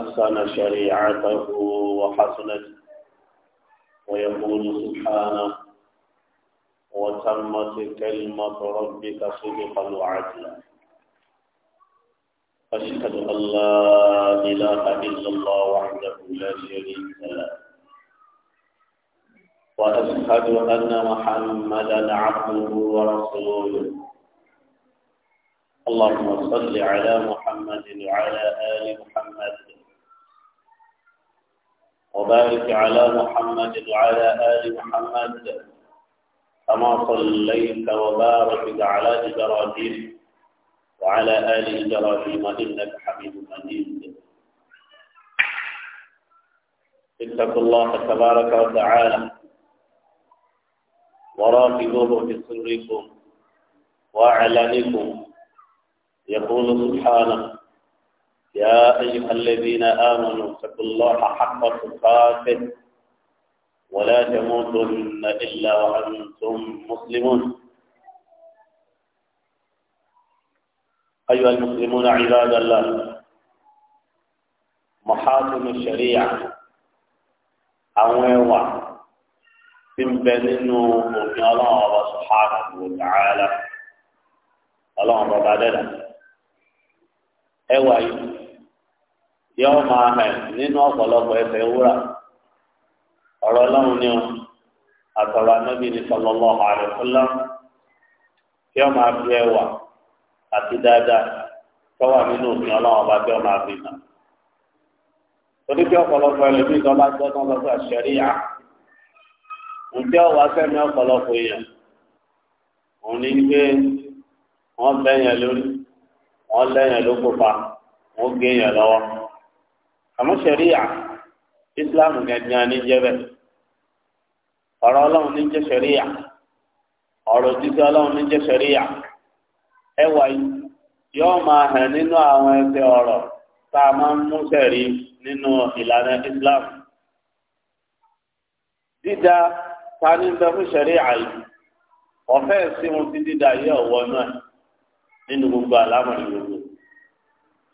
حسن شريعته وحسنت ويقول سبحانه وتمت كلمة ربك صدقا وعدلا أشهد أن لا إله إلا الله وحده لا شريك له وأشهد أن محمدا عبده ورسوله اللهم صل على محمد وعلى آل محمد وبارك على محمد وعلى آل محمد كما صليت وباركت على إبراهيم وعلى آل إبراهيم إنك حميد مجيد اتقوا الله تبارك وتعالى وراقبوه في سركم وأعلنكم يقول سبحانه يا أيها الذين آمنوا اتقوا الله حق تقاته ولا تموتن إلا وأنتم مسلمون أيها المسلمون عباد الله محاكم الشريعة أويوة تنبنوا من الله سبحانه وتعالى الله رب العالمين أيوة yóò máa hẹ̀ nínú ọ̀pọ̀lọpọ̀ ẹsẹ̀ wúrà ọ̀rọ̀ ọlọ́run ni wọn àtọ̀rọ̀ anábì ní sallallahu alaihi wasallam yóò máa fi ẹwà àti dáadáa tọ́wà nínú òfin ọlọ́run ọba tí wọ́n máa fi hàn. torí pé ọ̀pọ̀lọpọ̀ ẹlòmíì tó bá gbọ́ tán lọ́sọ̀ àṣẹríyà ǹjẹ́ ọ̀wá sẹ́mi ọ̀pọ̀lọpọ̀ èèyàn òun ní gbé wọ́n bẹ́yàn lórí wọ́n lẹ́yàn lókùpa wọ́n gé yàn àmọ́ sẹ̀ríà ìsìláàmù ni, ní jẹ́bẹ̀ ọ̀rọ̀ ọlọ́run ní jẹ́ sẹ̀ríà ọ̀rọ̀ jíjẹ́ ọlọ́run ní jẹ́ sẹ̀ríà ẹwà yóò máa hàn nínú àwọn ẹsẹ̀ ọ̀rọ̀ tá a máa ń mú sẹ̀rí nínú ìlànà ìsìláàmù dídá ta ní bẹ fún sẹ̀ríà yìí ọ̀fẹ́ sí wọn ti dídá yẹ ọ̀wọ́ náà nínú gbogbo àlámọ̀ ìlú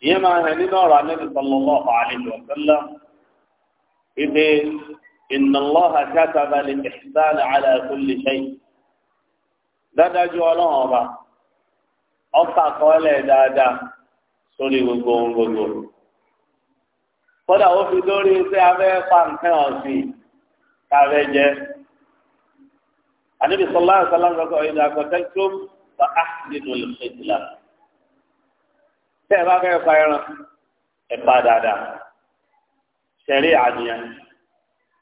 ìyẹn máa hàn nínú ọ̀rọ̀ anábì sallallahu alayhi wa sallam ìpè inna Allaha kataba al-ihsana ala kulli shay dádájú ọlọ́run ọba ọ̀fà kọ́lẹ̀ dáadáa sórí gbogbo ohun gbogbo. kódà ó fi lórí iṣẹ́ abẹ́ pa nǹkan ọ̀sìn káfẹ́ jẹ́. anábì sallallahu alayhi wa sallam ìdàgbọ́tẹ́kùn fa áhìdì lòlùfẹ́ tẹ́ ẹ bá fẹ́ pa ẹran ẹ pa dáadáa ṣẹ̀rí àníyàn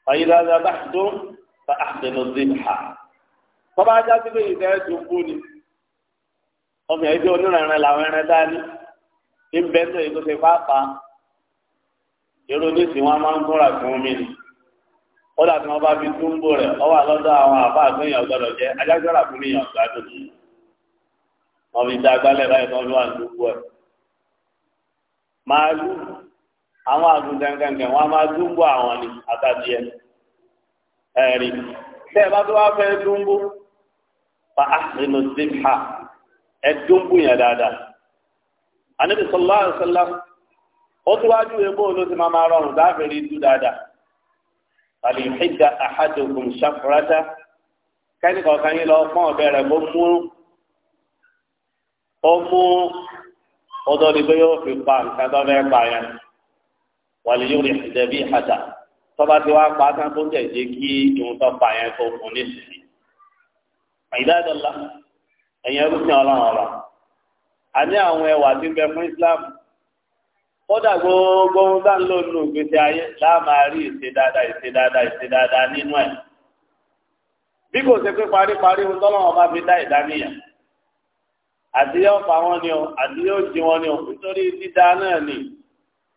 ọ̀yìnláza bá tó bá àtẹnu zibha bọ́bá ajá sí pé ìfẹ́ dùn bú ni ọmọ ẹgbẹ́ onírànràn làwọn ẹran dání ní bẹ́ńtò yìí tó fi pápá irú ní tí wọ́n máa ń kóra fún mi ni ó dà tí bá fi túnbò rẹ̀ ọ wà lọ́dọ̀ àwọn àbá àgbẹ̀yìn ọ̀gbọ́dọ̀ jẹ́ ajágbára fún mi yàn gbádùn ni wọ́n fi dá agbálẹ̀ báyìí tó ń lọ àdúgbò ẹ̀. Maazị àwọn wọn a máa dúnbò àwọn ni àtàdìẹ ẹrí tẹ ẹ bá tó wá fẹ́ dúnbò fa àṣìnú síbà ẹ dúnbò yẹn dáadáa anabi sallallahu alaihi ó tún wájú ebó ló ti máa máa rọrùn dáàbẹ̀rẹ̀ dú dáadáa lọ fún ọ̀bẹ rẹ̀ mú kótó ni pé yóò fi pa nǹkan tó fẹ́ pa yẹn wàlẹ̀ yóò rí ìṣẹ̀lẹ̀ bí àdá tọ́ba tí wàá pa tán tó jẹ́ jẹ́ kí ìhun tó pa yẹn tó fún ní sinmi. àyídáàdọ́lá ẹ̀yin ẹrú sí ọlọ́run ọba a ní àwọn ẹwà tí ń bẹ fún Islam kódà gbogbo ohun tá ń lò nínú ìgbésí ayé láàmáa rí ìṣe dáadáa ìṣe dáadáa ìṣe dáadáa nínú ẹ̀ bí kò ṣe pé paríparí ohun tọ́lọ́run ọba fi dá ìdá àti yóò pa wọn ni o àti yóò jí wọn ni o nítorí dídá náà ni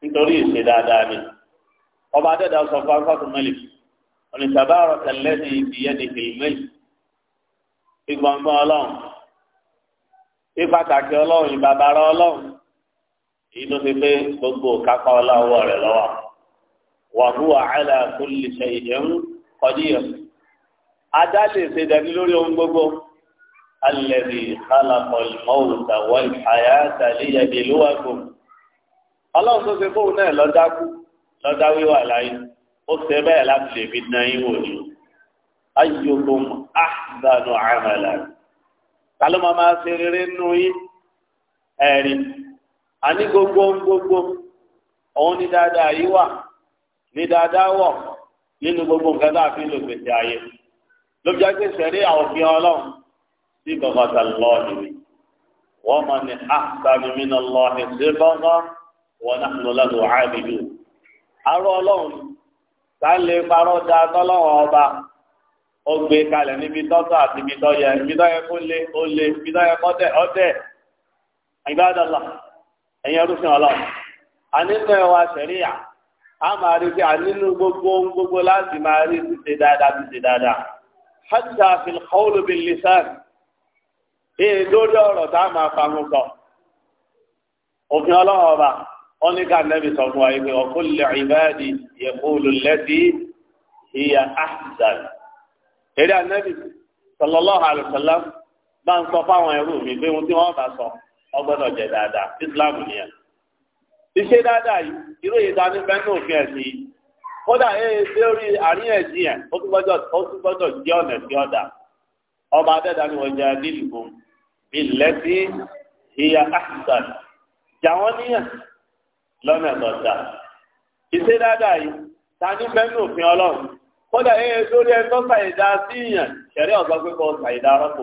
nítorí ìṣe dáadáa ni ọba adẹ́dàá sọ fún afọ́tò mẹ́lì oníṣàbáàrọ̀ tẹ̀lé ní ìdíyẹ́ ní kìlìmẹ́lì ìgbọ̀ngbọ̀n ọlọ́run ìpàtàkì ọlọ́run ìbàbàrà ọlọ́run èyí ló fi pé gbogbo kápá ọláwọ́ rẹ̀ lọ́wọ́ wa huwa ala kulli shay'in qadir adá lè ṣe dẹni lórí ohun gbogbo. الذي خلق الموت والحياة ليبلوكم الله سبحانه náà ló dákú ló dá wíwà láyé ó ṣe bẹ́ẹ̀ láti lè fi dán yín wò ni ayyukum ahsanu amala ta ló máa máa ṣe rere nù yín ẹ̀rí àní gbogbo ń gbogbo òun ní dáadáa yìí wà ní dáadáa wọ̀ nínú gbogbo nǹkan tá a fi lò gbèsè ayé ló fi jẹ́ pé sẹ́rí àwọn òfin ọlọ́run صبغة الله ومن أحسن من الله صبغة ونحن له عابدون arọ Ọlọ́run tá lè parọ́ da tọlọ́run ọba ó gbé kalẹ̀ níbi tọtọ àti ibi tọyẹ ibi tọyẹ kó lé ó lé ibi tọyẹ kọtẹ ọtẹ ìgbàdàlà ẹ̀yin ọdúnfin Ọlọ́run ànínú ẹwà sẹríà a máa rí sí ànínú gbogbo gbogbo láti máa rí sí ṣe dáadáa sí ṣe dáadáa hatta fil qawl lisan. ee lórí ọ̀rọ̀ tá a máa fanu òfin ọlọ́run ọba wọn ká nẹ́bi sọ fún wa yìí pé ọkùn lè ìbáàdì yẹ̀kúlù lẹ́sí ìyá ahsan eré anẹ́bi sallallahu alaihi bá ń sọ fáwọn ẹrú mi pé ohun tí wọ́n bá sọ ọgbọ́dọ̀ dáadáa islam nìyẹn dáadáa yìí irú ní òfin ẹ̀sìn yìí kódà ee lórí àríyànjiyàn ó tún gbọ́dọ̀ jẹ́ ni wọ́n bílẹ̀tì hiya ahsan jà wọ́n níyàn lọ́nà tọ̀dà ìṣe dáadáa yìí ta ní bẹ́ẹ̀nù òfin ọlọ́run kódà ẹ̀ lórí ẹ̀ tó ṣàìdá sí ìyàn ṣẹ̀rí ọ̀gbọ́n pé kò ṣàìdá rọ́pò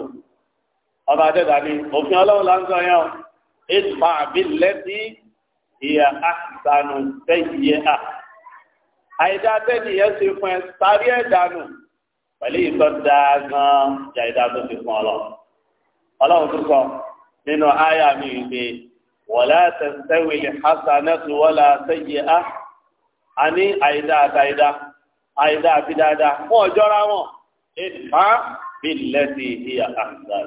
ọba adẹ́dà ni òfin ọlọ́run là ń sọ yẹn o ìfà bílẹ̀tì hiya ahsanu sẹ́yìí à àìdá tẹ́lẹ̀ yẹn ṣe fún ẹ sáré ẹ̀ dànù pẹ̀lú ìtọ́jà gan jà ìdá tó ti fún ọlọ́run ọlọ́run tó sọ nínú àyà mi ìgbé wọ̀lá tẹ̀síwìlì hasanatu wọ́lá sẹ́yẹ á a ní àìdá àtàìdá àìdá àti dáadáa fún ọjọ́ra wọn ìfá bí lẹ́sì ìyá àìdá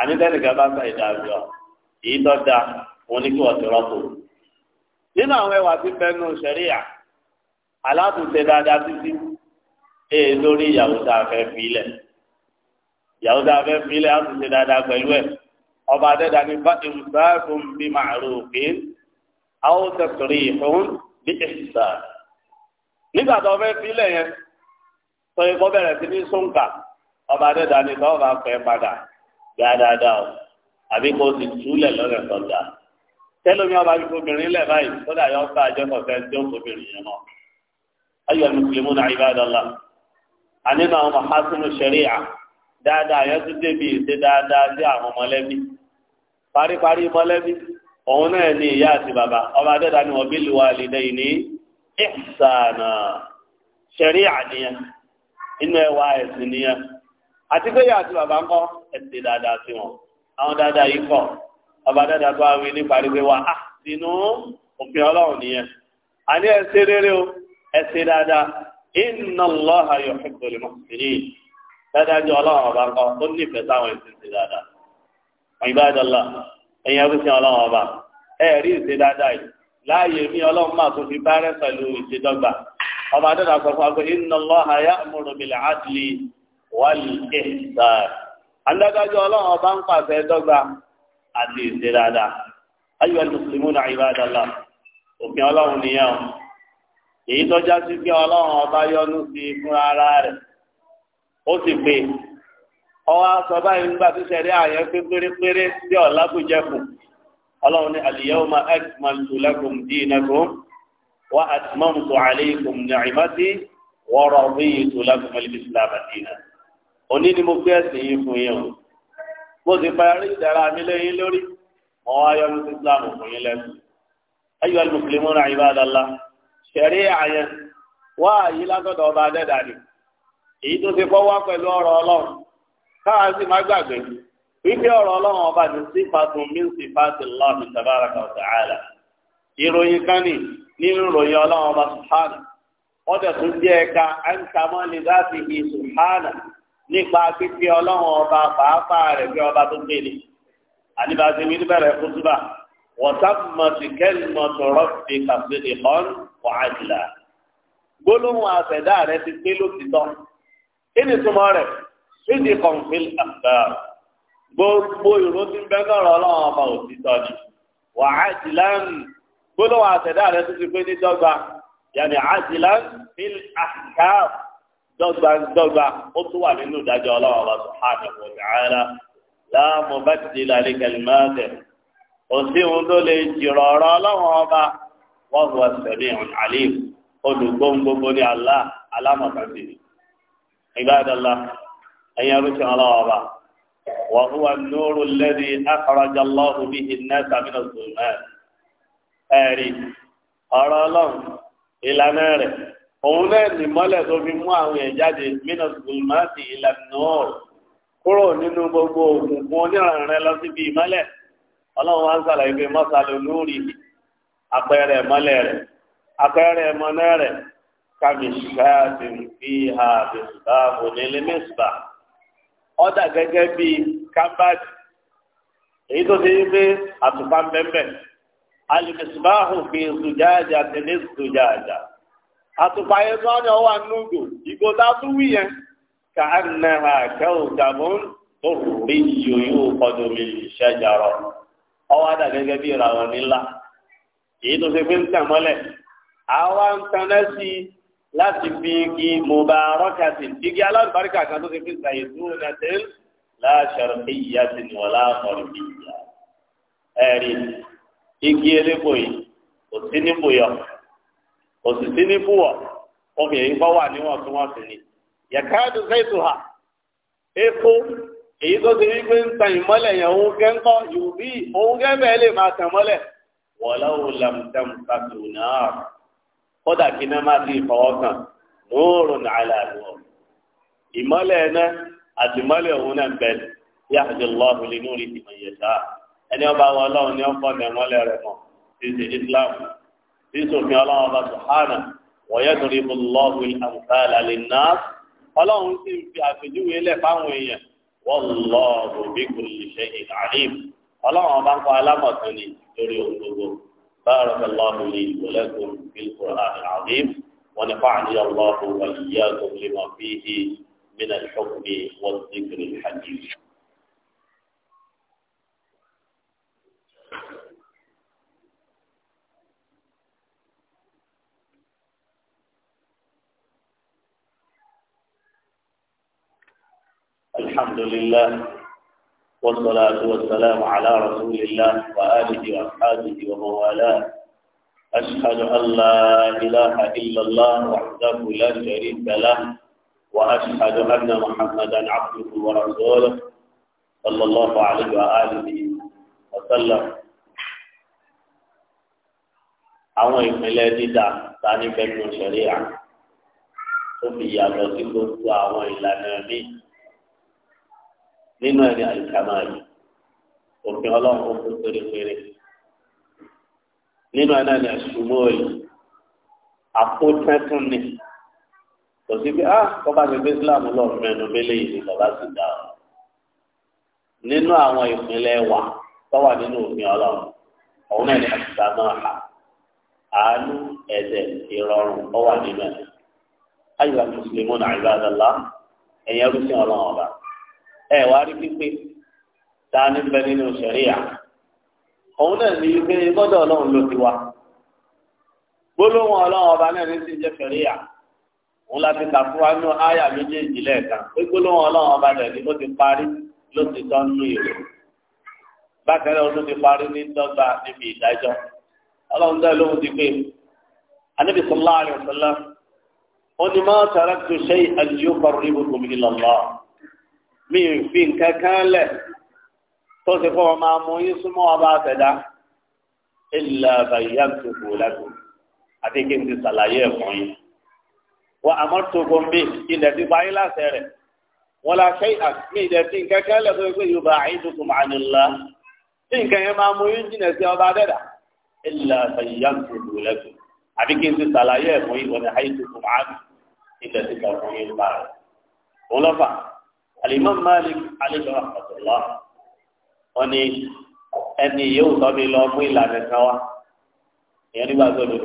àní tẹ́nìkan bá sọ àìdá rí ọ èyí tó da wọn ní kí wọ́n ti rọ́pò. nínú àwọn ẹwà tí bẹnu sẹ́ríà aláàtúnṣe dáadáa títí èè lórí ìyàwó tá a fẹ́ fi lẹ̀. ìyàwó tá a fẹ́ filẹ̀ dáadáa pẹ̀lú ẹ̀ ọba adẹ́dá ní bá ìmùsáàkùn bí màrúfin àwọn tẹ̀sọ̀rì ìfún bí ìṣà nígbà tó fẹ́ filẹ̀ yẹn tó ikọ́ bẹ̀rẹ̀ sí ní sọ́ǹkà ọba adẹ́dá ní bá ọba fẹ́ padà dáadáa àbí kó sì ọba bí obìnrin lẹ̀ báyìí sọ́dà yọ ọ́ sáà tí ó obìnrin yẹn mùsùlùmí náà ibà àní náà dáadáa yẹn tún débi ìṣe dáadáa sí àwọn mọ̀lẹ́bí paríparí mọ̀lẹ́bí òun náà ní ìyá àti bàbá ọba dẹ́ta ni wọ́n bí lu walidayni ihsana ṣẹ̀rí àníyàn inú ẹwà ẹ̀sìn nìyẹn àti pé ìyá àti bàbá ń kọ́ ẹ̀sìn dáadáa sí wọn àwọn dáadáa yìí kọ́ ọba dẹ́ta tó àwọn ní parípé wa á ah, sínú òfin ọlọ́run nìyẹn àní ẹ̀sìn rere o ẹ̀sìn dáadáa inna Allaha dájú ọlọ́run ọba kan ó nífẹ̀ẹ́ sáwọn ìsinsin dáadáa ìbádọ́lá ẹ̀yin ẹgbẹ́sìn ọlọ́run ọba ẹ rí ìṣe dáadáa yìí láàyè mi ọlọ́run máa tún fi bárẹ́ pẹ̀lú ìṣèdọ́gba ọba adọ́dà sọ fún wa pé inna Allaha ya'muru bil adli wal ihsan adájọ́ ọlọ́run ọba ń pàṣẹ dọ́gba àti ìṣe dáadáa ayọ̀ mùsùlùmí ìbádọ́lá òfin ọlọ́run nìyẹn èyí ó sì pé ọwọ́ aṣọ báyìí nígbà tó ṣẹlẹ̀ àyẹ̀ pé pérépéré sí ọ̀la kò jẹ́ kù ọlọ́run ní al-yawma akmaltu lakum dīnakum wa atmamtu alaykum ni'matī wa radītu lakum al-islāma dīnan òní ni mo gbé ẹ̀sìn yìí fún yín o mo sì parí ìdára mi lẹ́yìn lórí mo wá yọ ní islam fún yín lẹ́sìn ayyuha al-muslimūna ibādallāh ṣẹ̀rí àyẹ̀ èyí tó ti kọ́ wá pẹ̀lú ọ̀rọ̀ ọlọ́run káwọn sì má gbàgbé wípé ọ̀rọ̀ ọlọ́run ọba ní sífàtún min sífàtì Allahi tabaraka wa ta'ala ìròyìn kan ní nínú ìròyìn ọlọ́run ọba subhana wọ́n tẹ̀ tún jẹ́ ẹ̀ka àǹtàmọ́ lè láti hi subhana nípa pípé ọlọ́run ọba pàápàá rẹ̀ bí ọba tó gbélé àníbàtí mi níbẹ̀rẹ̀ kútúbà wọ́tàmọ̀tì kẹ́lìmọ̀tọ̀rọ̀ fi kàfíìlì gbólóhùn àfẹ̀dá rẹ̀ ti gbé lókìtọ́ kí ni túmọ̀ rẹ̀ fídí gbogbo ìró tí ń ọba òtítọ́ ni wà á jì ndị gbólóhùn àtẹ̀dá rẹ̀ tó ti pé ní dọ́gba yàní á jì lánìí fíl àgbà dọ́gba dọ́gba ó tún wà nínú ìdájọ́ subhanahu wa ta'ala عباد الله أن يرجع الله أبا وهو النور الذي أخرج الله به الناس من الظلمات أري أرى الله إلى ناره òun náà ní mọ́lẹ̀ tó fi mú àwọn èèyàn jáde minas zulmati ila nur kúrò nínú gbogbo òkùnkùn onírànrẹ lọ síbi ìmọ́lẹ̀ ọlọ́run wá ń sàlàyé pé mọ́sálò lórí àpẹẹrẹ mọ́lẹ̀ rẹ̀ àpẹẹrẹ mọ́nà rẹ̀ kàmì ṣáàtì fíhà bẹ̀sùbà ònílé mẹ́sùbà ọ̀dà gẹ́gẹ́ bíi kámbáàdì èyí tó ti yín pé àtùpà mbẹ́mbẹ́ alìmẹ̀sùbà hù fi sùjáàjà tẹ̀lé sùjáàjà àtùpà yẹn tó ọ̀nà wà nùgò ìgò tá a tún wí yẹn kà á láti fi igi mubarakatin igi alábàríkà kan tó ti fi sàyè dúró nàtẹ́l láṣọrọ ìyá ti ní wọlá ọ̀rọ̀ ìyá ẹ̀rí igi elépo yìí kò sí ní bòyọ kò sì sí ní bùwọ̀ obìnrin bá wà níwọ̀ntúnwọ̀nsì ni yàkáàdù sẹ́tù ha epo èyí tó ti rí pé ń tan ìmọ́lẹ̀ yẹn òun gẹ́ńkọ́ yòó bí òun gẹ́bẹ̀ẹ́ lè máa tàn mọ́lẹ̀ wọ́lá òun làmùtàmùtàmù náà kódà kí iná má ti fọwọ́ kàn lóòrùn àlàlù ọ ìmọ́lẹ̀ ẹ̀ná àti ìmọ́lẹ̀ òun náà bẹ̀ yáàjọ lọ́ọ̀hùn lè núrí ìmọ̀ ìyẹ̀sà ẹni ọba wọn ọlọ́run ní ọ̀pọ̀ ní ìmọ́lẹ̀ rẹ̀ mọ̀ ti ṣe Islam ti sòfin ọlọ́run ọba sùhánà wọ̀nyẹ́ torí mo lọ́ọ̀hùn àmúkàlà lè ná ọlọ́run sì ń fi àpèjúwe lẹ̀ fáwọn èèyàn wọ́n lọ́ọ̀hùn بارك الله لي ولكم في القرآن العظيم ونفعني الله وإياكم لما فيه من الحكم والذكر الحكيم الحمد لله والصلاة والسلام على رسول الله وآله وأصحابه وموالاه أشهد أن لا إله إلا الله وحده لا شريك له وأشهد أن محمدا عبده ورسوله صلى الله عليه وآله وسلم àwọn ìpínlẹ̀ dídà ثاني fẹ́ẹ́ tún ṣẹlẹ̀ à tó fi yàtọ̀ sí nínú ẹni àìsàmáàyè òfin ọlọ́run kò fún pérépéré nínú ẹni ẹni àìsùmọ́ọ̀yè àpótẹ́tún ni kò sí pé ah bọ́bá ti gbé Islam lọ mẹ́nu bẹ́lẹ̀ yìí ni bàbá sì dá ọ nínú àwọn ìpínlẹ̀ wà tó wà nínú òfin ọlọ́run òun náà ni àìsàmáàyè àánú ẹ̀dẹ̀ ìrọ̀rùn ọ nínú ẹ̀ ayọ̀ àti mùsùlùmí náà ìbáraẹ̀lá ẹ̀yẹ́rú sí ọlọ́run ọba ẹ wá rí pípé tá a níbẹ̀ nínú ṣẹ̀ríà òun náà ní pé gbọ́dọ̀ ọlọ́run ló ti wá gbólóhùn ọlọ́run ọba náà ní sí jẹ́ ṣẹ̀ríà òun láti tàfúwá nínú áyà méjèèjì lẹ́ẹ̀kan pé gbólóhùn ọlọ́run ọba náà ni ó ti parí ló ti tán nínú ìrò bákan náà ló ti parí ní dọ́gba níbi ìdájọ́ ọlọ́run dá lóhun ti pé anábì sallallahu alaihi wasallam ó ní máa taraktu shay'an yuqarribukum ila Allah mi ì fi nǹkan kan lẹ̀ tó ti fọ́ ọmọ amú yín súnmọ́ ọba àtẹ̀dá ilà bàyà tó kù lẹ́kọ̀ọ́ àti kí n ti ṣàlàyé ẹ̀kọ́ yín. wọ́n àmọ́ tó kún bí ilẹ̀ ti báyìí láṣẹ rẹ̀ wọ́n la ṣe àmì ilẹ̀ fi nǹkan kan lẹ̀ tó yẹ pé yorùbá àyíndùkùn àdìlá tí nǹkan yẹn máa mú yín jìnà sí ọba àtẹ̀dá ilà bàyà tó kù lẹ́kọ̀ọ́ àti kí n ti ṣàlàyé ẹ̀kọ́ yín wọ́n ti àyíndùkùn àdìlá ilẹ̀ ti kọ̀ fún yín báyìí alimam malik alayhi rahmatullah wọn ni ẹni yóò tọ́ mi lọ mú ìlànà kan wá ìyẹn nígbà tó lò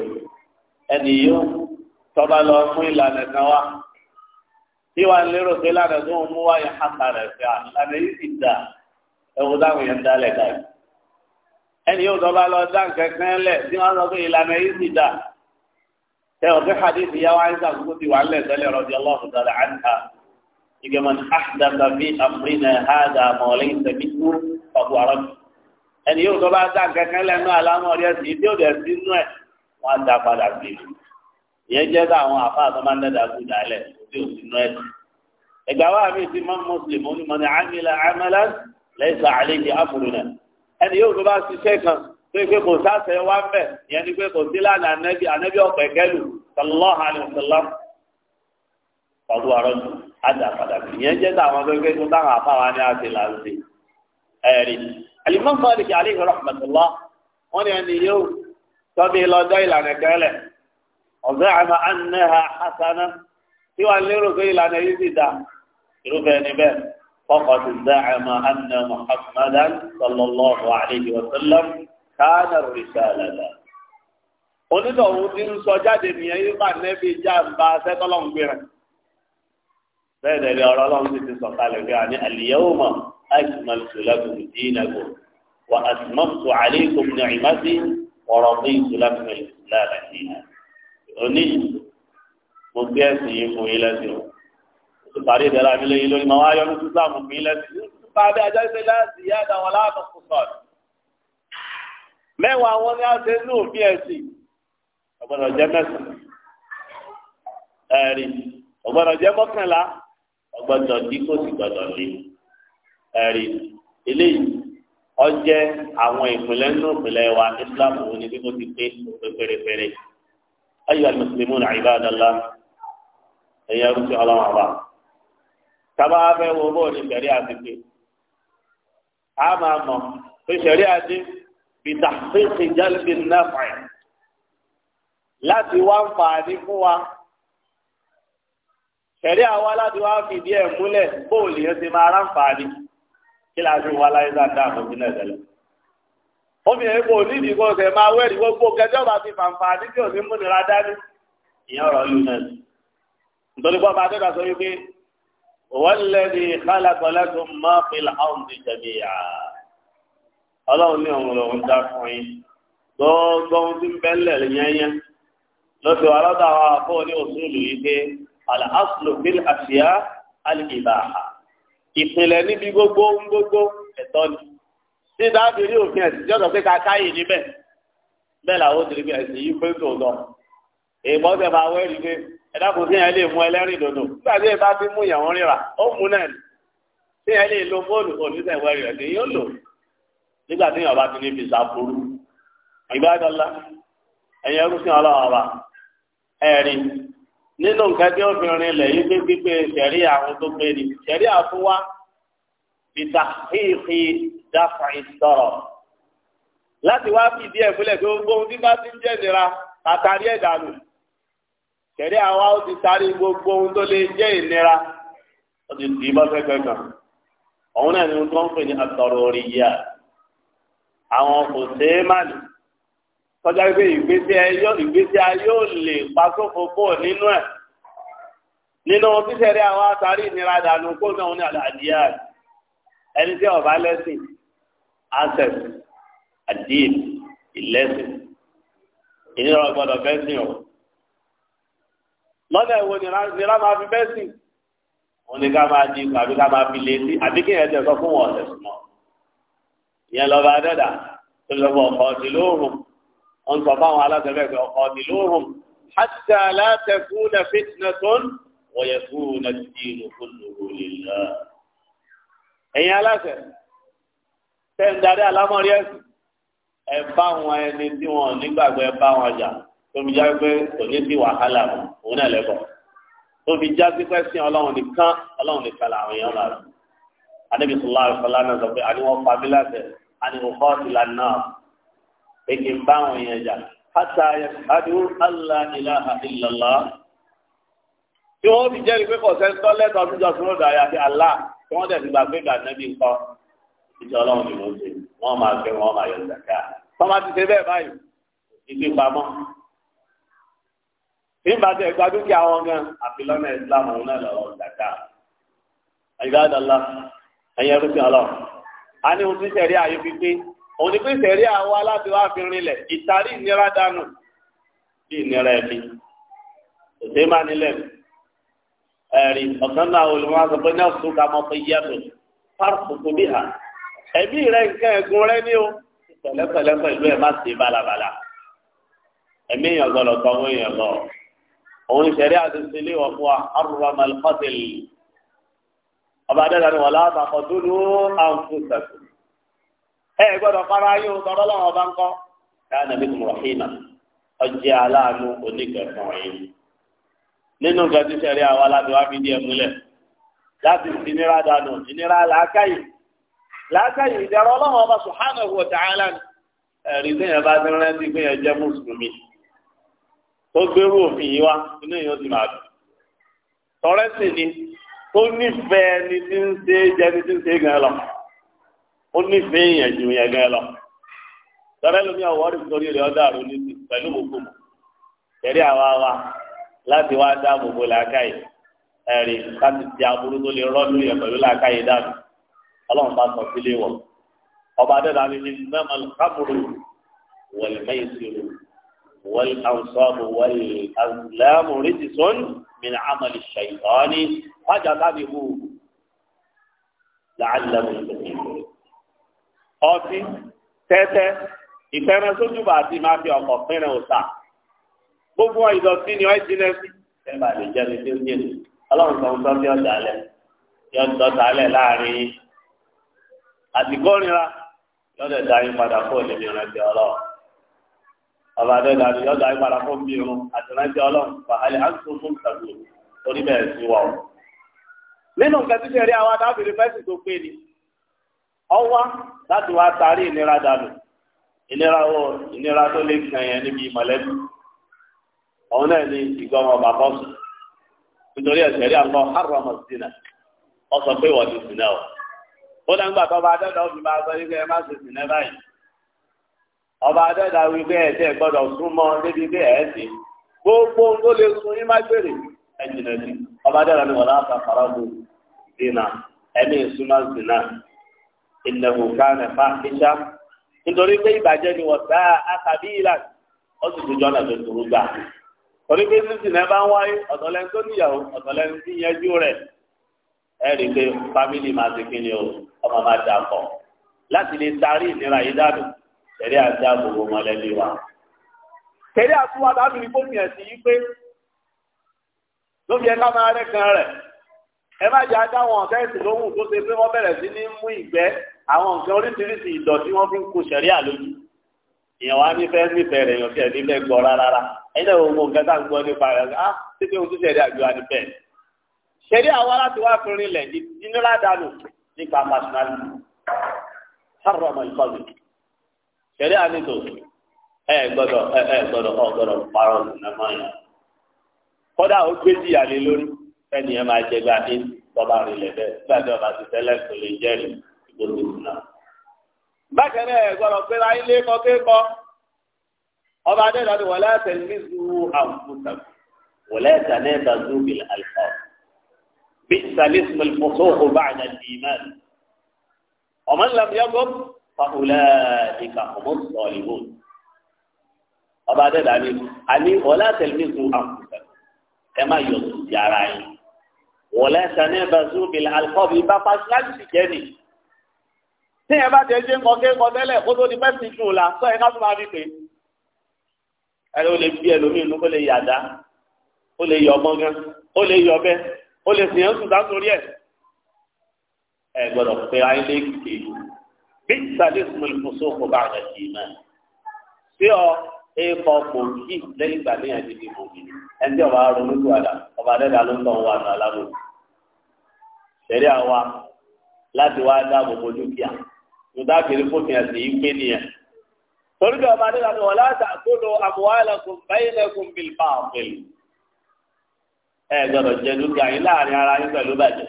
ẹni yóò tọ́ bá lọ mú ìlànà kan wá tí wàá lérò pé lánàá tó ń mú wáyé hàtà rẹ̀ fẹ́ àlànà yìí ti dà ẹ̀wọ̀n táwọn yẹn ń dálẹ̀ káyìí ẹni yóò dọ́ba lọ dá nkẹ́kẹ́ lẹ̀ tí wọ́n sọ pé ìlànà yìí sì dà tẹ ọ̀kẹ́ hadith ìyá wa ń sàkóso ti wà ń lẹ̀ tẹ́lẹ̀ rọ̀bì ọlọ́run tọ́lá àǹtà ìgbẹ́ man ahdatha fi amrina hadha ma laysa minhu ọ̀pọ̀ àrọ́ ẹni yóò tó bá dá kankan lẹ́nu àlámọ̀ rẹ̀ sí tí ó dẹ̀ sí inú ẹ̀ wọ́n á dá padà sí i ìyẹn jẹ́ bá àwọn àfa àtọ́ máa ń dẹ́dà kú dálẹ̀ tí ó sì inú ẹ̀ sí. ẹ̀gbà wa mi ti mọ́ mùsùlùmí onímọ̀ ní amila amalan laysa alayhi amruna ẹni yóò tó ṣiṣẹ́ kan pé pé kò sáṣẹ wá ń bẹ̀ ìyẹn ni pé kò sí lánàá anẹ́bí ọ̀pẹ̀ kẹ́lù sallallahu ọdún arọ́jù ajá padà bí ìyẹn jẹ́ táwọn tó gbé tó táwọn afáwa ni a ti là ń ṣe ẹ̀rí. alimọ́n sọ́ọ́lì kí aleyhi rahmatullah wọ́n ní ẹni yóò tọ́bi lọ́jọ́ ìlànà gẹ́lẹ̀ ọ̀gbẹ́ àmà anaha hasana tí wàá lérò pé ìlànà yìí ti dà irúfẹ́ ni bẹ́ẹ̀ fọkàn ti dá àmà anna muhammadan sallallahu alayhi wa sallam kánà rìsàlàlà onídọ̀wọ́ ti ń sọ jáde nìyẹn yìí má nẹ́bí jáàmbá sẹ́tọ́lọ́ ń bẹ́ẹ̀ dẹ̀bi ọ̀rọ̀ ọlọ́run ti ti sọ̀kalẹ̀ bí wà ní al-yawma akmaltu lakum dinakum wa atmamtu alaykum ni'mati wa raditu lakum al-islam dinan. òní mo gbé ẹ̀sìn yìí fún yín lẹ́sìn o tó parí ìdẹ́rẹ́ abílẹ̀ yìí lórí màá yọ ní sísá fún mi lẹ́sìn bá a ajá ṣe láti yá àtàwọn aláàbò fún sọ̀rọ̀. mẹ́wàá wọn ni ọgbọ́dọ̀ dí kò sì gbọ́dọ̀ lé ẹ̀rí eléyìí ọjẹ́ àwọn ìpínlẹ̀ nínú ìpínlẹ̀ wa islam wo ni bí mo ti pé òpin pérépéré ayé alùsùlùmí náà ìbádọ́lá ẹ̀yẹ rúṣì ọlọ́run àbá tábà fẹ́ wo bó ní sẹ̀rí àtìpé a máa mọ̀ pé sẹ̀rí àti bìtàfíìsì jálùbí náà fàì láti wá ń fa àdínkù wa ẹ̀rí àwọn aládùn wa fìdí ẹ̀ múlẹ̀ bóòlù yẹn ti máa ráǹfààní kí láti wá láyé dáadáa àbòjú náà tẹ́lẹ̀. obìnrin yìí kò ní ìdìbò ọ̀sẹ̀ máa wẹ́rì gbogbo kẹjọ́ bá ti fàǹfààní tí ò múnira dání ìyẹn ọ̀rọ̀ lù náà. nítorí bọ́ bá dẹ́gbà sọ wípé wọ́n lẹ́ ní kálákọ̀ọ́lẹ́kùn máa fi làwọn ti jẹ̀mí ọlọ́run ní òun lòun dá fún yín gbọ́ngbọ́n tí ń bẹ́ńlẹ̀ yẹn yẹn al-aslu fil ashiya al-ibaha ìpìlẹ̀ níbi gbogbo ń gbogbo ẹ̀tọ́ ni tí dábìrì òfin ẹ̀sìn jọ́dọ̀ pé ká káyè níbẹ̀ bẹ́ẹ̀ làwọn ti rí bí ẹ̀sìn yìí pé tòótọ́ èèmọ́ tẹ̀ máa wẹ́rì pé ẹ̀dá kò sí yẹn lè mú ẹlẹ́rìn dòdò nígbà tí ìbá fi mú ìyàwó rírà ó mú náà ni tí yẹn lè lo fóònù oníṣẹ́ wẹ́rì ẹ̀sìn yóò lò nígbà tí ìyàwó bá ti ní bìsà burú nínú nǹkan tí ó fi rin ilẹ̀ yìí pé pípé sẹ̀rí àwọn tó pé ni sẹ̀rí àtúwá bìtà híhì dáfà ìsọ̀rọ̀ láti wá fìdí ẹ̀ fúnlẹ̀ tó gbóhùn tí bá ti ń jẹ́ ìnira àtàrí ẹ̀dá nù sẹ̀rí àwa ó ti tarí gbogbo ohun tó lè jẹ́ ìnira ó ti dì í bọ́ fẹ́fẹ́fẹ́ ọ̀hún náà ni wọ́n ń pè ní àtọ̀rọ̀ òrìyà àwọn kò sé mánì tọ́jà wípé ìgbésí ayé ìgbésí ayé ò lè pasófo pọ̀ nínú ẹ̀ nínú tíṣẹ̀rí àwọn àtàrí ìnira dànù kó náà ní àdìyà ẹni tí ọba lẹ́sìn access àdìyìn ìlẹ́sìn ìnira gbọdọ̀ bẹ́sìn o lọ́dọ̀ ìwò nira máa fi bẹ́sìn wọn ni ká máa di àbí ká máa fi létí àbí kí ẹ̀ tẹ̀ sọ fún wọn ọ̀sẹ̀ sùn mọ́ ìyẹn lọ́ba adẹ́dà tó lọ́wọ́ ọ̀kọ́ ti lóòrùn wọ́n sọ على aláṣẹ́fẹ́ pé حتى لا lóòrùn فتنة ويكون الدين كله لله. yakuna ad-dinu kulluhu lillah. ẹ̀yin aláṣẹ tẹ́ ń darí alámọ̀rí ẹ̀sìn ẹ bá wọn ẹni tí wọn nígbàgbọ́ ẹ bá wọn jà tóbi já pé kò ní sí wàhálà mọ́ òun náà lẹ́kọ̀ọ́ tóbi já sí pé ọlọ́run nìkan ọlọ́run nìkan làwọn èèyàn máa rẹ̀ àdébísọ̀lá àrùfọ̀lá náà sọ pé àníwọ̀n pamílàṣẹ àníwọ̀n kọ́ọ̀tì lánàá èkì ń bá àwọn èèyàn jà hátà adú allah ilaha illallah tí wọ́n fi jẹ́rìí pé kọ̀ọ̀sẹ́ ń tọ́lẹ̀ tó tún jọ fún ọ̀dọ̀ àyàfi allah tí wọ́n dẹ̀ fi gbà pé gàdánbí ń kọ́ ìjọ ọlọ́run ni mo ṣe wọ́n máa fẹ́ wọ́n máa yọ ìdàkà tọ́mà ti ṣe bẹ́ẹ̀ báyìí ìdí pamọ́ nígbà tí ẹ̀ka dúkìá wọn gan àfi lọ́nà islam òun náà lọ́wọ́ ìdàkà àyíká àdàlá ẹ̀yẹ rúfin ọlọ́run a ní ohun tí ń ṣẹ̀rí àyè pípé òun ni pé sẹ̀rí àwa láti wá fi rinlẹ̀ ìtarí ìnira dànù bí ìnira ẹ̀mí òṣèré máa nílẹ̀ ẹ̀rí ọ̀sán náà olùmọ̀ sọ pé náà sùn ká mọ́ pé yẹ́tò fárùkù tó bí hà ẹ̀mí rẹ̀ nǹkan ẹ̀gún rẹ̀ ní o pẹ̀lẹ́pẹ̀lẹ́ pẹ̀lú ẹ̀ má ṣe bálabàla ẹ̀mí èèyàn gbọ́dọ̀ tọ́ owó èèyàn lọ òun ìṣẹ̀rí àtúnṣe wọ̀ fún wa arúgbó amalfọ́tìlì ọba ẹ gbọ́dọ̀ fara yóò tọrọ lọ́wọ́ ọba ńkọ́ káà nàbí kùn rọ̀hìnà ọjẹ́ aláàánú oníkẹ̀kọ́ yìí nínú nǹkan tí sẹ́rí àwọn aládùn wá fi di ẹ̀múlẹ̀ láti ìnira dànù ìnira làákàyè làákàyè ìdẹ̀rọ̀ ọlọ́wọ́ ọba subhanahu wa ta'ala ni bá ti rántí pé ẹ mùsùlùmí gbérú òfin yìí wá inú ti máa dùn ni ni ń ṣe ni ń ṣe ó nífẹ̀ẹ́ èèyàn ju yẹn gan lọ tọ́lẹ́ lómi ọ̀wọ́ rí torí rẹ̀ ọ́dà rò ní ti pẹ̀lú gbogbo mọ̀ tẹ̀lé àwa wa láti wá dá gbogbo làákàyè ẹ̀rí láti ti aburú tó lè rọ́ lórí ẹ̀ pẹ̀lú làákàyè dànù ọlọ́run bá sọ sílé wọ̀ ọba dẹ́ta ni ní mẹ́mọ́ kábùrù wọ̀lì mẹ́sìrù wọ̀lì àwùsọ́ọ̀bù wọ̀lì àzùlẹ́mù rìtìsọ́n ọtí tẹ́tẹ́ ìfẹ́ránṣójúbà àti máa fi ọkọ̀ fẹ́ràn òòṣà gbogbo ìdọ̀tí ni ọ́ jìnnà sí ẹ bá lè jẹ́ ní tí ó jẹ́ ní ọlọ́run tó ń sọ bí ọjà alẹ́ yọ ń dọ́ta alẹ́ láàrin yín àtìkọ́rinra yọ̀dẹ̀ dá yín padà fún òní ìrántí ọlọ́run ọba dẹ́dà ni yọ̀dẹ̀ dá yín padà fún mi irun àtìrántí ọlọ́run fàhálẹ̀ àtúntò fún tàbí oníbẹ̀rẹ̀ sí wa o. nínú nǹkan tí àwọn adábìrin fẹ́sì tó pé ni Ọwa láti wá tarí ìnira dànù ìnira wo ìnira tó lè kàn yẹn níbi mọ̀lẹ́bí òun náà ní ìgbọmọ bàbá ọsùn nítorí ẹsẹ rí àwọn harromo sinna ọsọ pé wọ́n ti sinna o ó náà ń tó ọba adẹ́dàá òfin bá sọ wípé ẹ má báyìí ọba adẹ́dàá wípé ẹ̀sẹ̀ gbọ́dọ̀ súnmọ́ débi pé gbogbo ohun tó lè sun yín má gbèrè jìnà sí ọba ni wọ́n fara ìnáwó kánà fà nítorí pé ìbàjẹ́ ni wọ́n àtàbí ìlà ó sì tún jọ́nà tó dùrú gbà. torí pé sísì náà bá ń wáyé ọ̀tọ̀lẹ́ni tó níyàwó ọ̀tọ̀lẹ́ni tí yẹjú rẹ̀ o ọmọ máa láti lè ìnira yìí dànù tẹ̀lé àti àbòbò mọ́lẹ́bí wa. tẹ̀lé àtúwádàá mi ni yí pé ká rẹ̀. ẹ má jẹ́ adáwọn ọ̀tẹ́ẹ̀sì lóhùn tó ṣe pé wọ́n bẹ̀rẹ̀ sí ní mú ìgbẹ́ àwọn nǹkan oríṣiríṣi ìdọ̀tí wọ́n fi ń kó sẹ̀ríà lójú èèyàn wá ní fẹ́ẹ́ nífẹ̀ẹ́ rẹ̀ yàn fi ẹ̀mí fẹ́ gbọ́ rárá ẹ̀dẹ̀ gbogbo nǹkan tá à ń gbọ́ nípa rẹ̀ á títí ohun tó ṣẹ̀rí àjọ ànífẹ́ ṣẹ̀rí àwa láti wá fún rinlẹ̀ ìdínílá dànù nípa personality sábà ọmọ ìkọlù ṣẹ̀rí àníto ẹ gbọ́dọ̀ ẹ gbọ́dọ̀ ọ gbọ́dọ̀ parọ́ ọ̀nà mọ́yàn kódà ó gbé jìyà fẹ́ni ẹ máa jẹ gba ní bọ́ba rìnlẹ̀ bẹ́ẹ̀ nígbà tí ọba ti tẹ́lẹ̀ kò lè jẹ́rìí ìgbòho ìsúná. bákan náà ẹ gbọ́dọ̀ pé láyé lé kọ́ ké kọ́ ọba adéla ni wọlé ẹsẹ̀ ní zu àwùjọ wọlé ẹsẹ̀ ní ẹ̀ta zu bìlẹ̀ àlùfọ́ bí salis mẹlifọ́sọ́ kò bá àná di ọmọ ńlá mi yàgò fàwùlẹ̀ ìkà ọmọ sọ̀rọ̀ ọba adéla ni àní wọlé ẹsẹ̀ ní zu àwùjọ ẹ má yọ sí ara yìí wọlé sani bazu bil alikọbi bá fasilájú ti jẹ ni tí ẹ bá tẹ ṣe ń kọ kéńkọ tẹ́lẹ̀ kó tó di pẹsì tù la sọ ẹ ká tó máa fi pè é ẹ ló lè bí ẹlòmíì nù kó lè yàdá ó lè yọ ọgbọ́n gan ó lè yọ ọbẹ ó lè sìn sùn sáà sórí ẹ ẹ gbọ́dọ̀ pé ayé lè kéèké bí sàdé sùnmùlùmùsùn kò bá rẹ sí i náà sí ọ ekọ kpòkì lẹ́yìn ìgbà ní ẹni ní kòkì ẹni ọba ronú tó àdá ọba dẹ́dà ló ń tọ́ wọn àná aláwọ̀ ṣẹ̀rí àwa láti wá dá gbogbo dúkìá nígbà kiri fófin ẹ̀sìn yìí pé nìyẹn torí bí ọba dẹ́dà ló wọ́n láti àkóso àmúhálẹ́kùn bẹ́yìnlẹ́kùn bílpà ọ̀pẹ̀lú ẹ gbọ́dọ̀ jẹ dúkìá yín láàrin ara yín pẹ̀lú bàjẹ́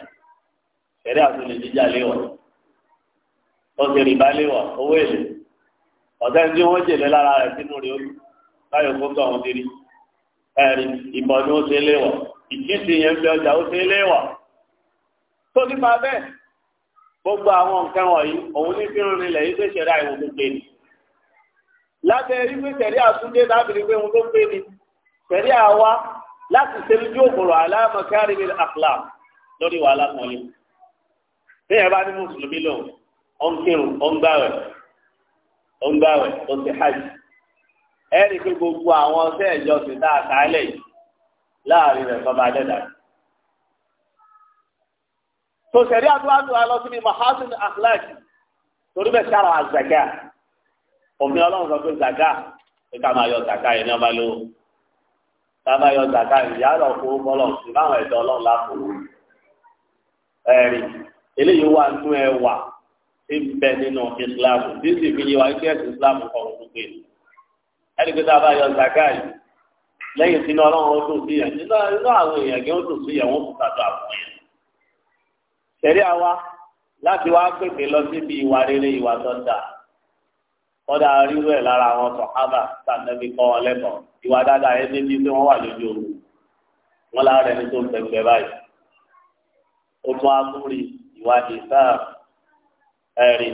ṣẹ̀rí àtúnlẹ̀ jíjà léwọ̀ ó ti rìbá léwọ̀ owó èlé ọ̀sẹ̀ tí wọ́n jèlé lára rẹ̀ sínú rẹ̀ olú báyọ̀ kó tọ̀ wọn kiri ẹ̀rí ìbọn ni ó ṣe léwọ̀ ìkíṣe yẹn fi ọjà ó ṣe léwọ̀ tó nípa bẹ́ẹ̀ gbogbo àwọn nǹkan wọ̀nyí òun ní fíìrùn nílẹ̀ yìí pé ṣẹ̀dá ìwọ̀n tó gbé ni lábẹ́ rí pé ṣẹ̀rí àtúndé lábìrì pé òun tó gbé ni ṣẹ̀rí àwa láti ṣe lójú òkòrò aláàmọ̀kárí mi àkùlà lórí wàhálà kan bí ẹ bá ní mùsùlùmí lòun ó ń kírun ó ń gbàwẹ̀ ó ń gbàwẹ̀ ó ti hajj ẹ rí i pé gbogbo àwọn ọsẹ ìjọ ti dá àkàálẹ yìí láàrin rẹ sọba dẹdà tó sẹrí àdúrà lọ síbi mahasin akhlaq torí bẹ sára àzàgà òfin Ọlọ́run sọ pé zàgà ìka máa yọ zàgà yìí ní ọba lówó tába yọ zàgà ìyá lọ fún bọlọ ìbáwọn ẹ̀dọ́ Ọlọ́run lápò ẹrí eléyìí wà nú ẹ ti ń bẹ nínú islam tí sì fi yé wa kí ẹ̀sìn islam kọ̀ ọ̀run pé ẹni pé tá a bá yọ zaka yìí lẹ́yìn tí iná ọlọ́run ó dùn sí yẹn nínú àwọn èèyàn kí ó dùn sí yẹn wọ́n kò tàdó àwọn yẹn. tẹ̀lé àwa láti wá pèpè lọ síbi ìwà rere ìwà tó dáa kọ́dà rírú ẹ̀ lára àwọn sọ̀hábà sànẹ́bí kọ́ wọn lẹ́kọ̀ọ́ ìwà dáadáa yẹn débi pé wọ́n wà lójú ooru wọn lára ẹni tó ń gbẹgbẹ báyìí ó tún á múri ìwà ìsáà ẹ̀rí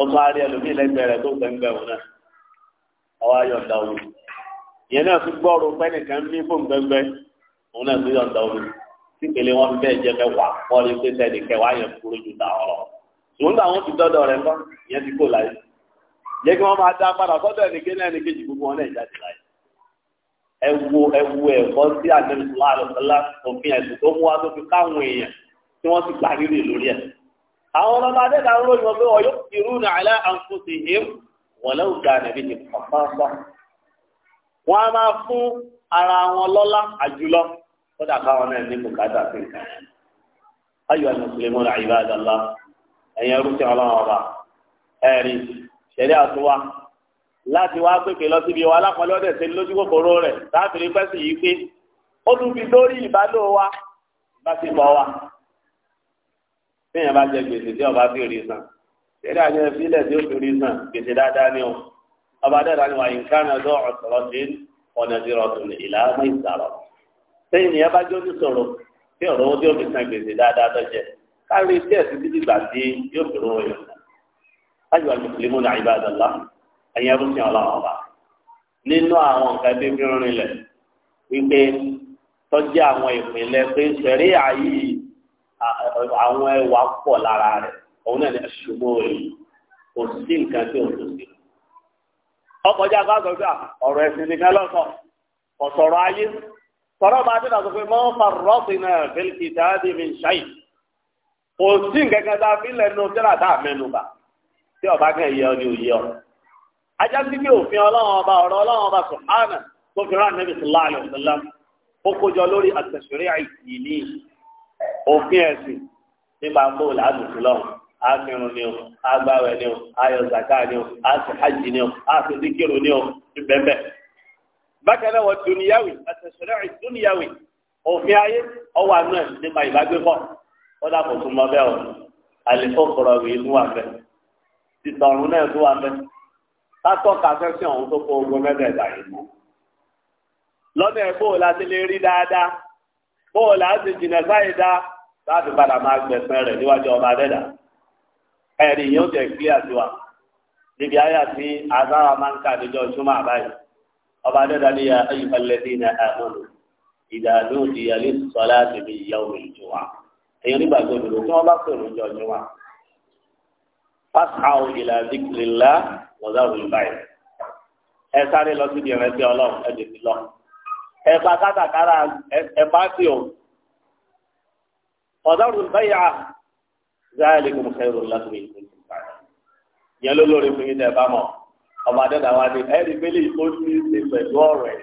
ọmọ arí ẹlòmíì lẹ́gbẹ̀ẹ́ rẹ̀ tó gbẹ̀ngbẹ̀ wọn náà ọwọ́ ayọ̀ǹda omi ìyẹn náà tún gbọ́rọ̀ pẹ́nìkan mí fún gbẹ̀ngbẹ̀ òun náà tún yọ̀ǹda omi tí kele wọn bẹ́ẹ̀ jẹ́ mẹ́wàá wọ́n rí pé sẹ́ni kẹwàá yẹn kúrò ju ta ọ̀rọ̀ ṣùgbọ́n táwọn ti dọ́dọ̀ rẹ̀ ńkọ́ ìyẹn ti kó láyé jẹ́ kí wọ́n máa dá padà sọ́dọ̀ ẹnìkan náà ẹnìkejì gbogbo wọn náà jáde láyé ẹ wo ẹ wo ẹ̀kọ́ sí àdéhùn sọ́lá àdéhùn sọ́lá òfin àwọn ọmọ bá dẹ́ta ń ròyìn wọn pé ọ̀yọ́ irú nà àlá àǹfọ̀sì hìm wọ̀lẹ́ òkà nàbí hìm ọ̀pọ̀pọ̀ wọn a máa fún ara wọn lọ́lá àjùlọ kódà káwọn náà ní bùkátà sí nǹkan ayọ̀ àlùmùsùlùmí ọ̀nà ìbádàlá ẹ̀yìn ẹrúsìn ọlọ́run ọba ẹ̀rí ṣẹ̀rí àtúwá láti wá pépè lọ síbi wa alápọ̀lọ́ dẹ̀ ṣe lójú kòkòrò rẹ̀ láti rí pẹ́sì yìí pé ó tún fi dórí ìbálò wa bá wa téèyàn bá jẹ gbèsè tí ọba fi rí san tẹ́lẹ̀ àjẹ ìfilẹ̀ tí ó fi rí san gbèsè dáadáa ni o ọba dáadáa ni wà ní kánà tó ọ̀sọ̀rọ̀ sí ọ̀nà tí rọ̀tún ìlànà ìsàlọ̀ téèyàn yẹn bá jẹ́ oníṣòro tí ọ̀rọ̀ owó tí ó fi san gbèsè dáadáa tó jẹ kárí tí ẹ̀sìn títí gbà tí yóò fi rún oyún láti wà mùsùlùmí náà ìbádọ́lá ẹ̀yìn ẹ̀rú sí àwọn ẹwà pọ̀ lára rẹ̀ òun náà ní aṣọ́gbó rẹ̀ kò sí nǹkan tí òun tó sí. ọkọjá bá sọ pé ah, ọ̀rọ̀ ẹ̀sìn nìkan lọ́sọ̀ kò sọ̀rọ̀ ayé sọ̀rọ̀ bá dín àtúnfẹ́ mọ́ farọ́ọ̀sì náà fẹ́lẹ́kì dáadé mi ṣáì kò sí nǹkan kan tá a fi lẹ́nu kíra tá a mẹ́nu bà tí ọba kan yẹ ọ ní òye ọ. ajá sí pé òfin ọlọ́run ọba ọ̀rọ̀ ọlọ́run ọba sùhánà tó fi rán nẹ́bí sùlá àlẹ́ òṣèlú òfin ẹ̀sìn nípa bó làádùúgbò lọ́wọ́ akirun ni o agbáwẹ̀ ni o ayọ̀ zaka ni o asihajj ni o asidikiru ni o bẹ́ẹ̀ bákan náà wọ́n duniyawi àtẹ̀sọ̀rẹ́ duniyawi òfin ayé ọwọ́ àánú ẹ̀ nípa ìbágbé pọ̀ ó dàpọ̀ tó mọ bẹ́ẹ̀ o àlefó kọ̀rọ̀ wì inú wa fẹ́ títọ̀run náà tó wa fẹ́ látọ̀ka fẹ́sẹ̀ ọ̀hún tó kó ogun mẹ́tẹ̀ẹ̀ta yìí mọ́ lọ́nà ẹ̀kọ́ la ti bóòlù àti jìnnà sáyé dá láti padà máa gbẹ̀sán rẹ̀ níwájú ọba adẹ́dà ẹ̀rí yóò jẹ́ kílíà sí wa níbi ayé àti azára máa ń ká àdéjọ ìṣúná àbáyé ọba adẹ́dà ní ya ayyuhal ladhina amanu idha nudiya lis-salati min yawmil jumu'ah èyí onígbàgbọ́ òdòdó tí wọ́n bá pèrò ìjọ ìjọba fas'aw ila dhikrillah wa dharul bay' ẹ sáré lọ síbi ìrẹsì ọlọ́run ẹ̀bá kátàkárà ẹ̀bá sí o ọ̀dọ́rùn bẹ́yà záàlìkùn kẹrù lásìkò ìpínlẹ̀ ìpàdé yẹn ló lórí fún yín tẹ́ bá mọ̀ ọba adẹ́dà wa ni ẹ̀rí pé lè tó ní ṣe pẹ̀lú ọ̀rọ̀ ẹ̀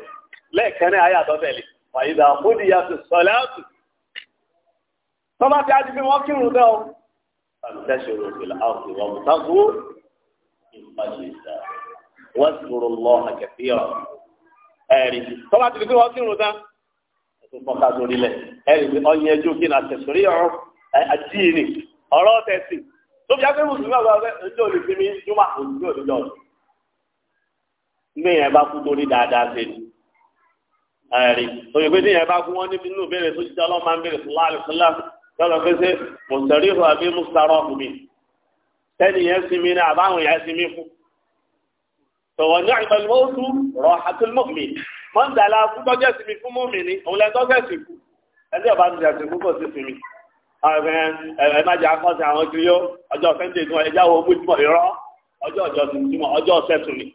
lẹ́ẹ̀kẹ́rẹ́ ayé àtọ́tẹ̀lẹ̀ wàyídà fúdi ya ti sọlẹ̀ àtù tọ́ba wọ́n kírun bẹ́ẹ̀ o àtẹ̀sọ̀rọ̀ òkèlè àwòrán wọn ìpàdé ìta wọ́n ti rò lọ́ àkẹ́fì ẹ̀rí tọ́ba ti di pé wọ́n kírun tán ẹ̀sùn fọ́nká sórí lẹ̀ ẹ̀rí ọyìn ẹjọ́ kí n àtẹ̀sórí ọ̀rọ̀ àdíyìnì ọ̀rọ̀ tẹ̀sí tó fi akérò sùn náà lọ́wọ́ ẹjọ́ lè fi mí júmọ̀ òjò òjò ọ̀rọ̀ níyẹn bá kú torí dáadáa ṣe ni ẹ̀rí òye pé níyẹn bá kú wọn níbi inú béèrè tó jíjá ọlọ́run máa ń béèrè tọ̀wọ̀ ní àìmọ̀lẹ́mọ́ oṣù rọ̀ àtúnmọ̀mí mọ́ńdàlá fúnkọ́jẹ́ sí mi fún mọ́mí ni òun lẹ́tọ́ fẹ́ sí kú ẹni ọba ti dàtí púpọ̀ sí sí mi ẹ má jẹ́ akọ́sí àwọn kiri yó ọjọ́ sẹ́ńdé tí wọ́n ẹja wo mójúmọ́ irọ́ ọjọ́ ọjọ́ tuntun ọjọ́ ọ̀sẹ̀ tún ni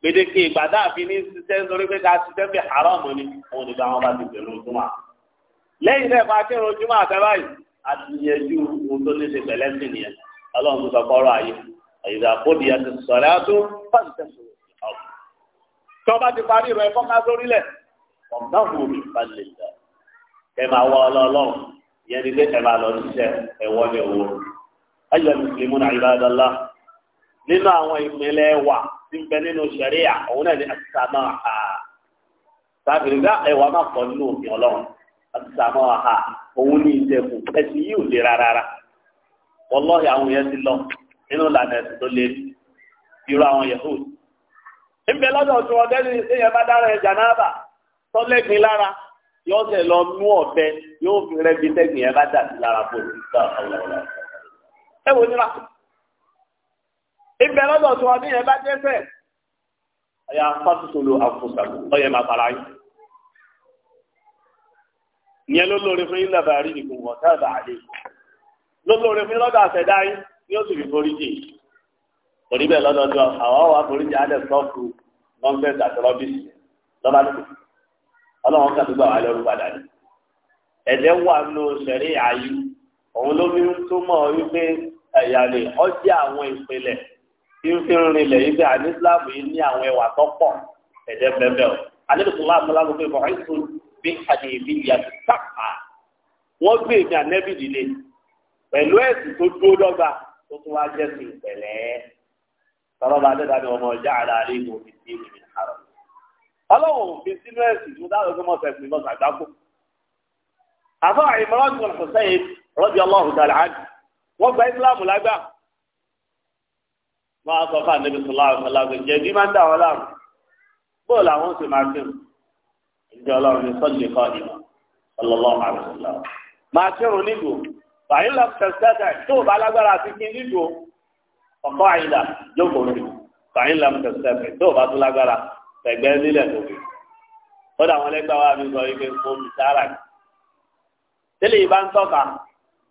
gbèdéke ìgbà dáàfi ní ṣiṣẹ́ nítorí pé ká ṣiṣẹ́ fi haramu ni òun nígbà wọn bá ti bẹ̀rù ojúmọ́ lẹ́yìn náà fún akérò ojúmọ́ àtẹ́báyìí àti ìyẹjú ohun tó ní ṣe pẹ̀lẹ́sìn nìyẹn ọlọ́run sọ kọ́rọ̀ ayé àyíká àkóòdì àti sọ̀rọ̀ àtó fáńtẹ̀sì ọ̀hún. tí wọ́n bá ti parí ìrọ̀ ẹ̀kọ́ ká sórí lẹ̀ ọ̀gáwò mi balẹ̀ dà ẹ máa wá ọlọ́ọ̀lọ́ọ̀ yẹn ni pé ẹ máa lọ ṣiṣẹ́ ẹ wọlé owó. ayọ̀ mùsùlùmí náà ìlú adọ́lá nínú àwọn ìpínlẹ̀ wà tí ń bẹ nínú sẹ̀ríà òun náà ni àtìsàmọ́ àhà tàbí ká ẹwà má kọ́ nínú òfin ọlọ́run àtìsàmọ́ àhà òun ní ìjẹkùn ẹ̀sìn yìí ò lè rárá. wọ́lọ́ọ̀yà àwọn nínú ìlànà ẹ̀sìn tó lé irú àwọn yahood. níbi lọ́dọ̀ tí wọ́n dẹ́nu ìṣẹ́yẹ bá dára ẹ̀jà náà bà tọ́lẹ́gbin lára yóò ṣe lọ mú ọ̀bẹ yóò fi rẹ́bi tẹ́gbìn yẹn bá dà sí lára fún òṣìṣẹ́ ẹ wo níra. níbi lọ́dọ̀ tí wọ́n dẹ́nu bá dẹ́sẹ̀ ẹ̀yà fásitòló àfọ̀sàlù ọ̀yẹ̀ máa fara yín. ìyẹn ló lóore fún yín lọ́dọ̀ àṣẹ̀dá yín ni ó sì fi forí jì torí bẹ́ẹ̀ lọ́dọọdún àwọn wà forí jì adẹ sọ́ọ̀kù nọ́ńsẹ̀sì àti rọ́bìsì lọ́ba tó ọlọ́run kàdúgbò àwọn alẹ́ ọdún padà ni ẹ̀dẹ́ wà nù sẹ̀rí àyù òun ló fi ń túmọ̀ wípé ẹ̀yà rè ọjẹ́ àwọn ìpìlẹ̀ tí ń fi rinlẹ̀ yìí pé àní Islam yìí ní àwọn ẹwà tó pọ̀ ẹ̀dẹ́ bẹ́ẹ̀ alẹ́bùsùnlá àtàlámù wọ́n gbé èmi ànẹ́bì dìde pẹ̀lú ẹ̀sìn tó dúró dọ́gba tó tún wá jẹ́ sí ìpẹ̀lẹ́ tọ́lọ́ bá dé dàbí ọmọ ọjà àlá àlẹ́ ìwò fi sí ìrìn àrọ̀. ọlọ́run fi sínú ẹ̀sìn tó dáhùn fún mọ́sẹ̀ fún mọ́sẹ̀ àgbákò. àfọ́ Imran bin Husayn radiyallahu ta'ala anhu wọ́n gba ìsìláàmù lágbà. wọ́n á sọ fún àdébí sọláàrù sọláàrù jẹ̀bi máa ń dà wọ́n láàrú. bó làwọn sì máa kírun. ìjọ ọlọ́run ní sọ́ọ̀lì kọ́ ìmọ̀ ọlọ́lọ́ fàyín lọ tẹsítẹsẹ tó bá lágbára ti kí nílò ọkọ àyìnlá jókòó rẹ fàyín lọ tẹsítẹsẹ tó bá tó lágbára tẹgbẹ nílẹ̀ lórí kódà wọn lẹgbàá wa mi sọ ike omi sára tẹ́lẹ̀ yìí bá ń tọ́ka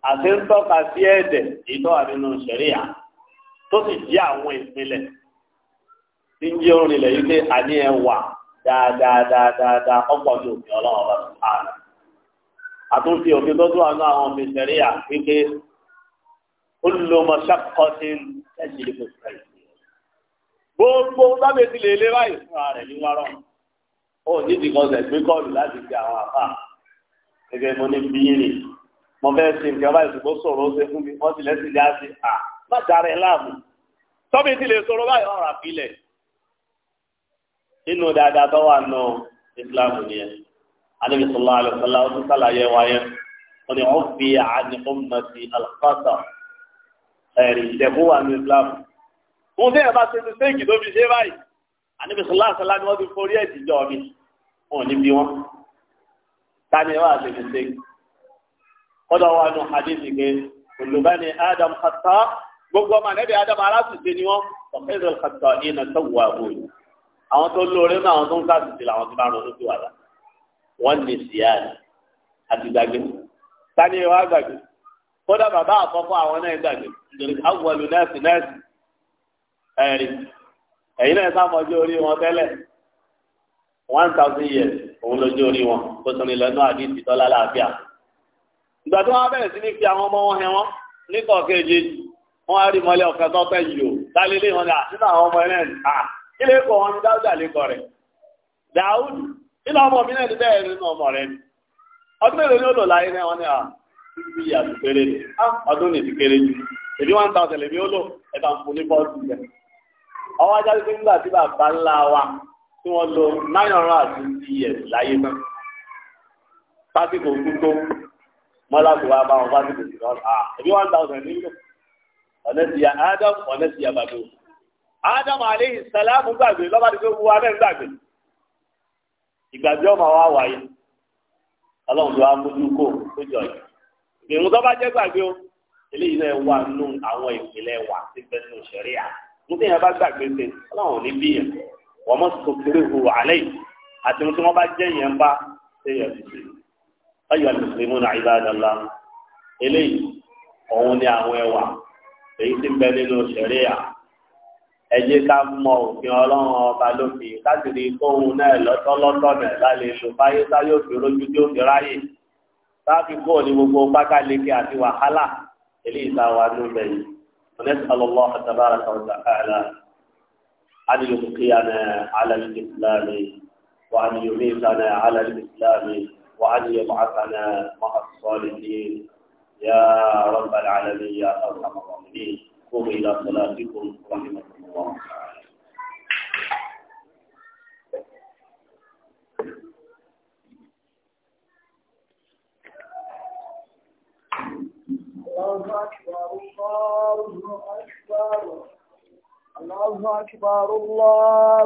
àti ń tọ́ka sí ẹdẹ ìtọ àbínú sẹríà tó sì jí àwọn ìpínlẹ̀ tí ń jẹ orin lẹ yìí pé àní ẹ wà dáadáa dáadáa ọ̀pọ̀ ní òfin ọba tó hàn àtúnṣe òfin tó tún àná àwọn òfin sẹ̀ríyà wípé olùlọmọṣàkọ ti ń tẹ̀sí ipò sẹ́yìn. gbogbo sábẹ́ ti lè lé báyìí fúnra rẹ̀ ní wárọ̀ ó ní ti kọ́sẹ̀ gbé kọ́ọ̀lù láti fi àwọn àfà gẹ́gẹ́ mo ní bíyìnì mo fẹ́ ṣe nǹkan báyìí ṣùgbọ́n sọ̀rọ̀ ṣe fún mi wọ́n ti lẹ́sìn já sí à má dára ẹ láàmú tọ́bi ti lè sọ̀rọ̀ báyìí ọ̀rọ̀ àfilẹ̀ nínú dáadáa tó wà nù Islam nìyẹn anabi sallallahu alayhi wa sallam ọdún sàlàyé wáyé wọn ni wọn fi àní ọmọdé alùpàtà ẹrí ìdẹkùn wà ní islam fún bí ẹ bá ṣe mistake tó fi ṣe báyìí anabi sallallahu alayhi wa sallam ni wọn fi forí ẹ jíjọ mi wọn ò ní bí wọn tani wà ṣe mistake kọdọ wà nù hadithi pé olùbáni adam kàtà gbogbo ọmọ anabi adam aláṣìṣe ni wọn ọkẹ́ ìdọ̀kàtà ìnà tó wà bóyá àwọn tó lóore náà àwọn tó ń sáàsì làwọn tó bá ronú sí wàdà wọ́n lè sí àná àti gbàgbé sani wa gbàgbé kódà bàbá àkọ́kọ́ àwọn náà gbàgbé nítorí awọlù nẹ́ẹ̀sì nẹ́ẹ̀sì ẹ̀rí ẹ̀yin náà sáfọ́ ọjọ́ orí wọn tẹ́lẹ̀ one thousand years òun lọ́jọ́ orí wọn kó sọ̀rọ̀ ìlànà àdìsí tọ́lá láàbíà ìgbà tí wọ́n bẹ̀rẹ̀ sí ní fi àwọn ọmọ wọn hẹ wọn ní kọ̀ọ̀kẹ́ ìjejì wọn á rí mọ́lẹ́ ọ̀kẹ́ tó yìí o dálélé wọn ni àti ah, àwọn ọmọ ẹ̀ náà ah, ilé ẹ̀kọ́ wọn ni dáúdà lè kọ̀ rẹ̀ dáúdù ilé ọmọ mi náà ti bẹ́ẹ̀ nínú ọmọ rẹ ni ọdún mélòó ni ó lò láyé náà wọn ni à bí àti kéré ni ọdún ní ti kéré jù èdè one thousand lèmi ó lò ẹ̀ka ń fún ní bọ́ọ̀sì rẹ̀ ọwọ́ ajá pé nígbà tí bàbá ńlá wa tí wọ́n lo nine hundred and fifty years láyé náà pásítọ̀ òkútó mọ́láàbù wa bá wọn pásítọ̀ sí lọ́la à èdè one thousand nílò ọ̀nẹ́sìyà Adam ọ̀nẹ́sìyà bàbá Adam aleyhi salaam gbàgbé lọ́ba ti fi wú abẹ́ gbàgbé ìgbàgbé ọmọ wa wáyé ọlọ́run ló wá mójú kó lójọ yìí ìgbìmọ̀ tó bá jẹ́ gbàgbé o eléyìí náà wà nù àwọn ìpìlẹ̀ wà síbẹ̀ nù sẹ̀ríà nítorí yẹn bá gbàgbé ṣe ọlọ́run ní bí yẹn wọ́n mọ̀ sókèrè hù alẹ́ yìí àti tí wọ́n bá jẹ́ yẹn bá ṣe yẹn fi ṣe ayọ̀ àlùsílẹ̀mù náà ìbádọ́lá eléyìí ọ̀hún ni àwọn ẹwà èyí tí ń bẹ nínú sẹ̀ríà ẹ jẹ́ ká mọ òfin ọlọ́run ọba lófin láti rí kóhun náà lọ́tọ́lọ́tọ́ náà lálẹ́ èso fáyé táyé òfin lójú tí ó fi ráyè sáàfin kó ní gbogbo pátá leke àti wàhálà eléyìí tá a wà ní ọbẹ̀ yìí ونسأل الله تبارك وتعالى أن يبقينا على الإسلام وأن يميتنا على الإسلام وأن يبعثنا مع الصالحين يا رب العالمين يا أرحم الراحمين قوموا إلى صلاتكم رحمة long Allah Akbar, Allah Akbar, Allah Akbar, Allah